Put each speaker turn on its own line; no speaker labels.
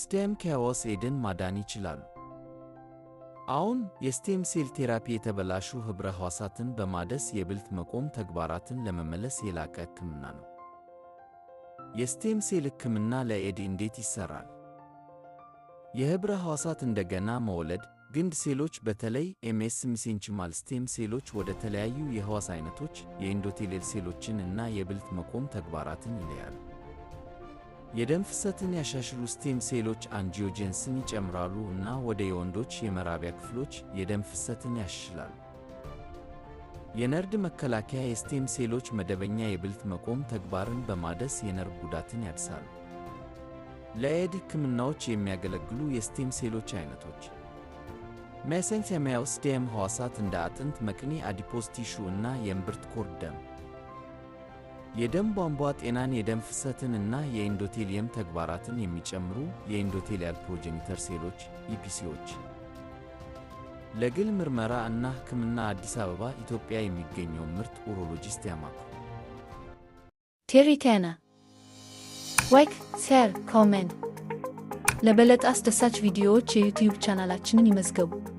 ስቴም ኬዎስ ኤድን ማዳን ይችላሉ። አሁን የስቴም ሴል ቴራፒ የተበላሹ ኅብረ ሕዋሳትን በማደስ የብልት መቆም ተግባራትን ለመመለስ የላቀ ሕክምና ነው። የስቴም ሴል ሕክምና ለኤድ እንዴት ይሠራል? የኅብረ ሕዋሳት እንደገና መወለድ ግንድ ሴሎች በተለይ ኤምኤስ ሚሴንቺማል ስቴም ሴሎች ወደ ተለያዩ የሕዋስ ዓይነቶች የኢንዶቴሌል ሴሎችን እና የብልት መቆም ተግባራትን ይለያሉ። የደም ፍሰትን ያሻሽሉ ስቴም ሴሎች አንጂዮጀንስን ይጨምራሉ እና ወደ የወንዶች የመራቢያ ክፍሎች የደም ፍሰትን ያሻሽላሉ። የነርድ መከላከያ የስቴም ሴሎች መደበኛ የብልት መቆም ተግባርን በማደስ የነርቭ ጉዳትን ያድሳሉ። ለኤድ ሕክምናዎች የሚያገለግሉ የስቴም ሴሎች አይነቶች ሜሴንኬሚያል ስቴም ሕዋሳት እንደ አጥንት፣ መቅኒ፣ አዲፖስ ቲሹ እና የእምብርት ኮርድ ደም የደም ቧንቧ ጤናን የደም ፍሰትን እና የኢንዶቴሊየም ተግባራትን የሚጨምሩ የኢንዶቴሊያል ፕሮጀኒተር ሴሎች ኢፒሲዎች ለግል ምርመራ እና ሕክምና አዲስ አበባ ኢትዮጵያ የሚገኘውን ምርጥ ኡሮሎጂስት ያማኩ። ቴሪቴና ዋይክ ሴር ኮሜን ለበለጠ አስደሳች ቪዲዮዎች የዩትዩብ ቻናላችንን ይመዝገቡ።